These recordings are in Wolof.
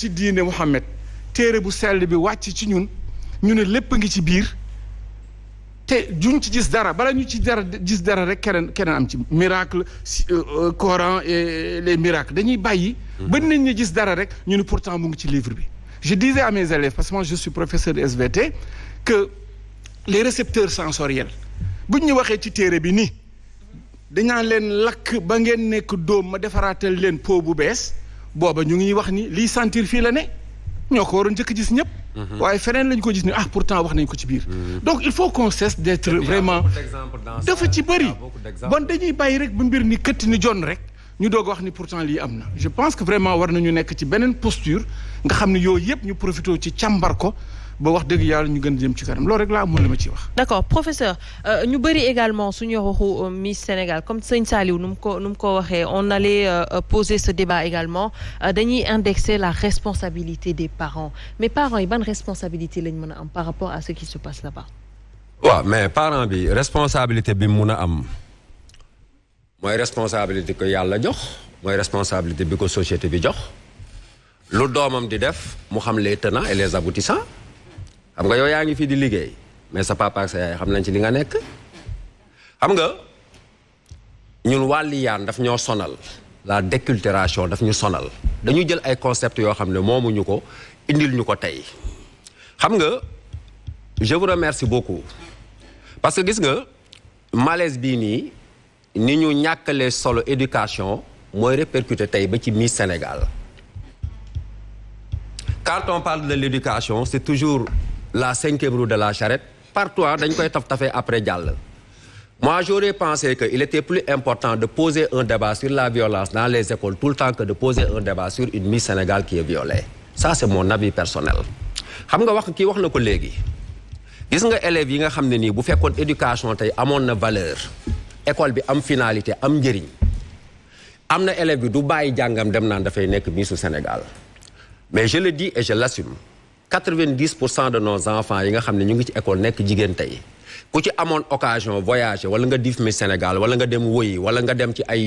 ci diine Muhammad téere bu sell bi wàcc ci ñun ñu ne lépp ngi ci biir te juñ ci gis dara bala ñu ci dara gis dara rek keneen keneen am ci miracle euh, euh, Coran et les miracles dañuy bàyyi ba mhm. nañ ñu gis dara rek ñu ne pourtant mu ngi ci livre bi je disais à mes élèves parce que moi je suis professeur de SVT que les récepteurs sensoriels buñ ñu waxee ci téere bi nii dañaa leen lakk ba ngeen nekk doom ma defaraatal leen pot bu bees booba ñu ngi wax ni liy sentir fii la ne ñoo ko waroon njëkk gis ñëpp. Mhm. waaye feneen lañ ko gis ni ah pourtant wax nañ ko ci biir. Mhm. donc il faut qu'on cesse d'être vraiment dafa ci bëri. bon dañuy bàyyi rek ba mbir ni këtt ni jon rek. ñu doog wax ni pour pourtant lii am na je pense que vraiment war nañu nekk ci beneen posture nga xam ne yooyu yëpp ñu profité ci càmbar ko. boo wax dëgg yàlla ñu gën jëm ci kanam loolu rek laa amoon li ma ciy wax. d'accord professeur euh, ñu bëri également suñu waxu euh, Miss Sénégal comme sëñ sali nu mu ko nu mu ko waxee on allait euh, poser ce débat également dañuy indexer la responsabilité des parents mais parents yi ban responsabilité lañ mën a am par rapport à ce qui se passe là-bas. waaw mais parent bi responsabilité bi mun a am mooy responsabilité ko yàlla jox mooy responsabilité bi ko société bi jox lu doomam di def mu xam les tenants les aboutissants. xam nga yow yaa ngi fii di liggéey mais sa papa sa yaay xam nañ ci li nga nekk xam nga ñun wàlli yaan daf ñoo sonal la déculturation daf ñu sonal dañu jël ay concepts yoo xam ne moomuñu ko indil ñu ko tey xam nga je vous remercie beaucoup parce que gis nga malaise bii nii ni ñu ñàkkalee solo éducation mooy répercuté tey ba ci Miss Sénégal quand on parle de l'éducation c'est toujours la cinquième roue de la charrette partout dañ koy taf tafee après jàll. moi j'aurais pensé que il était plus important de poser un débat sur la violence dans les écoles tout le temps que de poser un débat sur une Miss Sénégal qui est violée ça c'est mon avis personnel. xam nga wax kii wax na ko léegi gis nga élèves yi nga xam ne nii bu fekkoon éducation tey amoon na valeur école bi am finalité am njëriñ am na élève bi du bàyyi jàngam dem naan dafay nekk Miss Sénégal mais je le dis et je quatre vingt pour cent de nos enfants yi nga xam ne ñu ngi ci école nekk jigéen tey ku ci amoon occasion voyager wala nga dif mi Sénégal wala nga dem woyi wala nga dem ci ay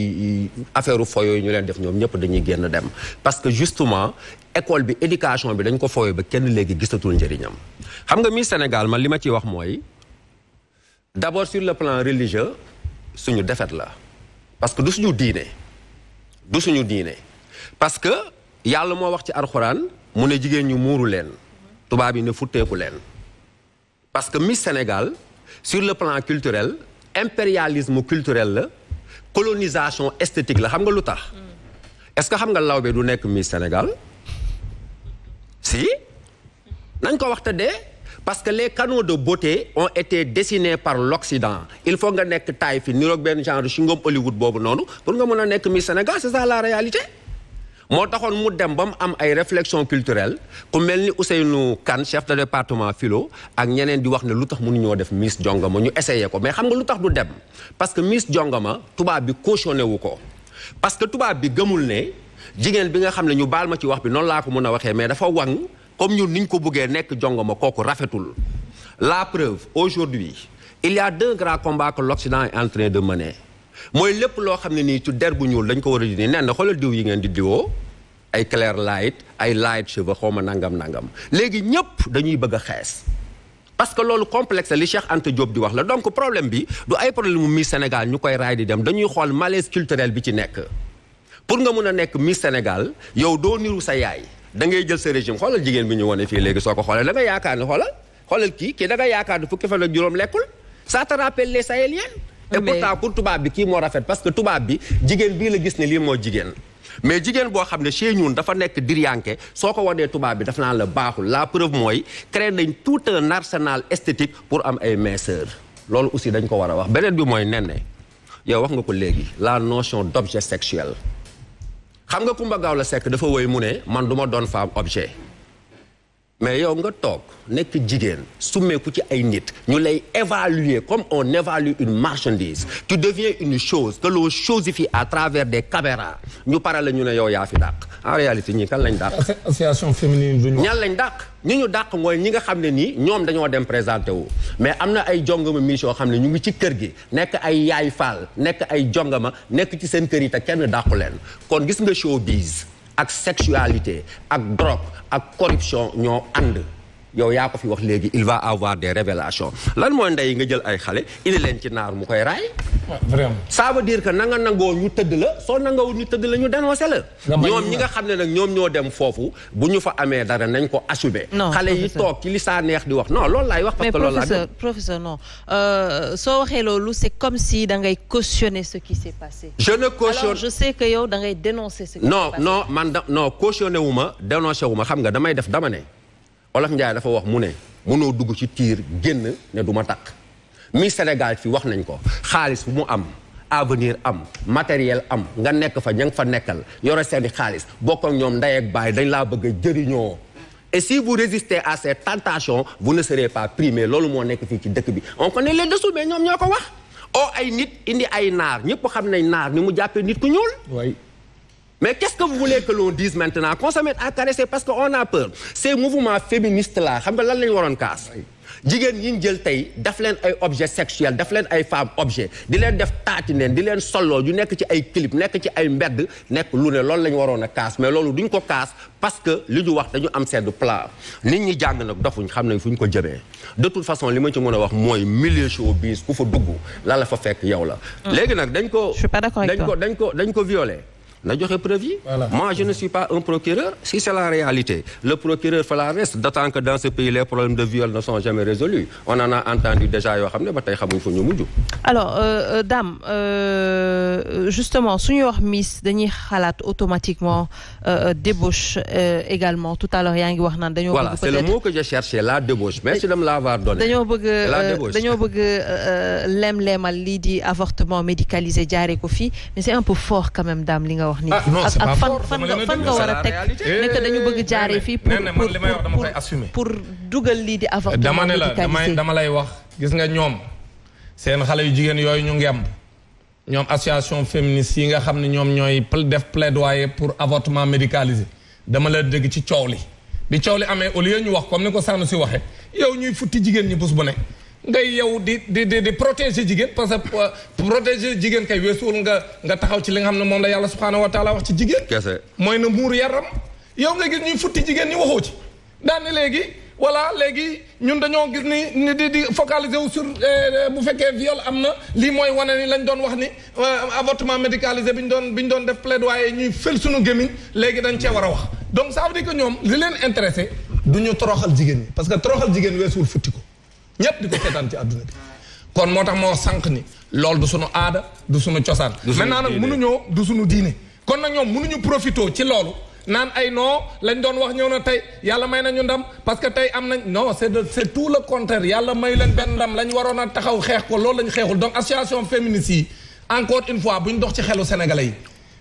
affaire foyo yi ñu leen def ñoom ñëpp dañuy génn dem parce que justement école bi éducation bi dañ ko foyo ba kenn léegi gisatul njëriñam xam nga mi Sénégal ma li ma ciy wax mooy d'abord sur le plan religieux suñu defet la parce que du suñu diine du suñu diine parce que yàlla moo wax ci alxuraan mu ne jigéen ñu muuru leen tubaab yi ne futteeku leen parce que Miss Sénégal sur le plan culturel impérialisme culturel la colonisation esthétique la xam nga lu tax mm. est-ce que xam nga lawbe du nekk Miss Sénégal si nañ ko waxte de parce que les canons de beauté ont été dessinés par l'Occident il faut nga nekk taille fi niroog benn genre chingom Hollywood boobu noonu pour nga mën nekk Miss Sénégal c'est ça la réalité moo taxoon mu dem ba mu am ay réflexion culturelle ku mel ni Ousseynou Kane chef de département filo ak ñeneen di wax ne lu tax mënuñoo def Miss Jongama ñu essayé ko mais xam nga lu tax du dem parce que Miss Jongama tubaab bi cautionné wu ko parce que tubaab bi gëmul ne jigéen bi nga xam ne ñu baal ma ci wax bi noonu laa ko mën a waxee mais dafa waŋ comme ñun ñu ko buggee nekk Jongama kooku rafetul la preuve aujourd'hui il y a deux grands combats que l'Occident de mener mooy lépp loo xam ne nii ci der bu ñuul dañ ko war a dindi nen na xoolal diw yi ngeen di diwoo ay clair light ay light cheveux xaw ma nangam nangam léegi ñëpp dañuy bëgg a xees parce que loolu complexe li Cheikh Anta joob di wax la donc problème bi du ay problème mu Miss Sénégal ñu koy raay di dem dañuy xool malaise culturel bi ci nekk pour nga mun a nekk Miss Sénégal yow doo niru sa yaay da ngay jël sa régime xoolal jigéen bi ñu wone fii léegi soo ko xoolee da nga yaakaar ne xoolal xoolal kii kii da nga yaakaar ne fukki fan ak juróom lekkul ça te rappelle bi kii moo rafet que tubaab bi jigéen bii la gis ne lii moo jigéen mais jigéen boo xam ne chez ñun dafa nekk diryanke soo ko wanee tubaab bi daf naan la baaxul la preuve mooy créé nañ tout un arsenal esthétique pour am ay minceur loolu aussi dañ ko war a wax beneen bi mooy nen yow wax nga ko léegi la notion d' objet sexuel xam nga Kumba la sekk dafa woy mu ne man duma doon femme objet mais yow nga toog nekk jigéen summeeku ci ay nit ñu lay évaluer comme on évalue une marchandise tu deviens une chose que l'on chosifie à travers des caméras ñu pare la ñu ne yow yaa fi dàq en réalité ñi kan lañ dàq association féminine du ñan lañ dàq ñi ñu dàq mooy ñi nga xam ne nii ñoom dañoo dem présenté wu mais am na ay jongama miis yoo xam ne ñu ngi ci kër gi nekk ay yaay faal nekk ay jongama nekk ci seen kër yi te kenn dàqu leen kon gis nga showbiz ak sexualité ak drogue ak corruption ñoo ànd yow yaa ko fi wax léegi il va avoir des révélations lan mooy ndey nga jël ay xale indi leen ci naar mu koy raay. Ah, vraiment ça dire que nanga nangoo ñu tëdd la soo nangawul ñu tëdd la ñu dénoncé la. ñoom ñi nga xam ne nag ñoom ñoo dem foofu bu ñu fa amee dara nañ ko assumer. xale yi toog ci li saa neex di wax non loolu laay wax. parce que loolu laa mais professeur professeur non euh, soo waxee loolu c'est comme si da ngay cautionner ce qui s'est passé. je ne cautionne alors je sais que yow dangay ngay dénoncer ce qui s'est passé. non non man da non cautionner wu ma dénoncer xam nga damay def dama Olof Ndiaye dafa wax mu ne mënoo dugg ci tiir génn ne du ma takk mi Sénégal fi wax nañ ko xaalis bu mu am avenir am matériel am nga nekk fa ña nga fa nekkal yore seeni xaalis bokk ak ñoom ndey ak dañ laa bëgg jëriñoo et si vous résistez à ces tentations vous ne serez pas primé loolu moo nekk fii ci dëkk bi on connaît les dessous mais ñoom ñoo ko wax oo oh, ay nit indi ay naar ñëpp xam nañ naar ni mu jàppee nit ku ñuul Mais qu'est-ce que vous voulez que l'on dise maintenant Qu'on se mette à caresser parce qu'on a peur. Ces mouvements féministes-là, vous savez ce jigéen ñi ñu jël tey daf leen ay objet sexuel daf leen ay femme objet di leen def taati neen di leen solo yu nekk ci ay clip nekk ci ay mbedd nekk lu ne loolu la waroon a kaas mais loolu duñ ko kaas parce que li ñu wax dañu am sedd plat nit ñi jàng nag dofuñ xam nañ fu ñu ko jëmee de toute façon li ma ci mën a wax mooy milieu showbiz ku fa dugg la la fa fekk yow la mm. léegi nag dañ ko dañ ko dañ ko dañ ko violé na joxe preuve moi je ne suis pas un procureur si c'est la réalité le procureur fait la reste d'autant que dans ce pays les problèmes de viol ne sont jamais résolus on a entendu déjà yoo xam ne euh, euh, euh, justement suñuy wax Miss dañuy xalaat automatiquement euh, débauche également tout à l'heure yaa ngi wax naan dañoo voilà c'est le mot que j'ai cherché la débauche merci de me l'avoir donné dañoo bëgg dañoo bëgg lem-leemal lii di avortement médicalisé jaaree ko fii mais c'est un peu fort quand même Dame li wax nii. Ah, ak ak fan fan nga war a teg nekk dañu bëgg eh, jaaree fii. pour pour pour pour dugal lii di avortement. dama ne la dama lay wax. gis nga ñoom seen xale yu jigéen yooyu ñu ngemb ñoom association féministe yi nga xam ne ñoom ñooy def plaidoyer pour avortement médicalisé dama la dégg ci coow li. bi coow li amee au lieu ñu wax comme ni ko Sanou si waxee yow ñuy futti jigéen ñi bés bu ne. ngay yow di di di di protéger jigéen parce que euh, protéger jigéen kay weesuwul nga nga taxaw ci li nga xam ne moom la yàlla subhaanahu wa taala wax ci jigéen. kese mooy na muur yaram. yow nga gis ñuy futti jigéen ñi waxoo ci daan léegi. voilà léegi ñun dañoo gis ni ni di di focaliser wu sur euh, euh, bu fekkee viol am na lii mooy wane ni lañ doon wax ni avortement médicalisé bi ñu doon bi ñu doon def plaidoyer ñuy fël suñu gémmiñ léegi dañ cee war a wax donc ça veut dire ñoom li leen intéressé du ñu toroxal jigéen ñi parce que toroxal jigéen weesuwul futti ko ñépp di ko seetaan ci àdduna bi kon moo tax ma wax sànq ni loolu du suñu aada du sunu cosaan maintenant nag mënuñoo du sunu diine kon nag ñoom mënuñu profitoo ci loolu naan ay noo lañ doon wax ñëw na tey yàlla may nañu ndam parce que tey am nañ non c'est de tout le contraire yàlla may leen benn ndam lañ waroon a taxaw xeex ko loolu lañ xeexul donc association féministe yi encore une fois bu ñu dox ci xelu sénégalais yi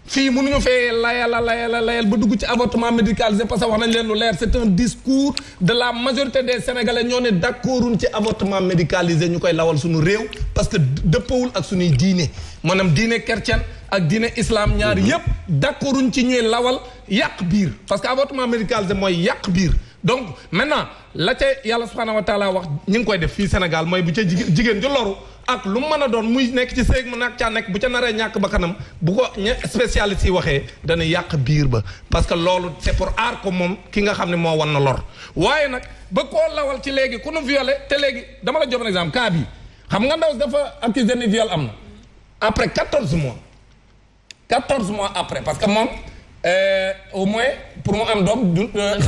fii mënuñu fee layala layala layal ba dugg ci avortement médicalisé parce que wax nañ leen lu leer c'est un discours de la majorité de sénégalais ñoo ne d'accorduñ ci avortement médicalisé ñu koy lawal suñu réew parce que dëppawul ak suñuy diine maanaam diine chrétienne ak diine islam ñaar mm-hmm. yépp d'accorduñ ci ñuy lawal yàq biir parce que avortement médicalisé mooy yàq biir donc maintenant la ca yàlla subhaanahu wa taala wax ñu ngi koy def fii Sénégal mooy bu ca jigéen ju loru ak lu mën a doon muy nekk ci séeg mu naa caa nekk bu ca naree ñàkk ba kanam bu ko ña spécialiste yi waxee dana yàq biir ba parce que loolu c'est pour aar ko moom ki nga xam ne moo wan na lor waaye nag ba koo lawal ci léegi ku nu violé te léegi dama la jox un exemple cas bi xam nga ndaw dafa accusé ni viol am na après 14 mois 14 mois après parce que moom euh, au moins pour mu am doom du euh,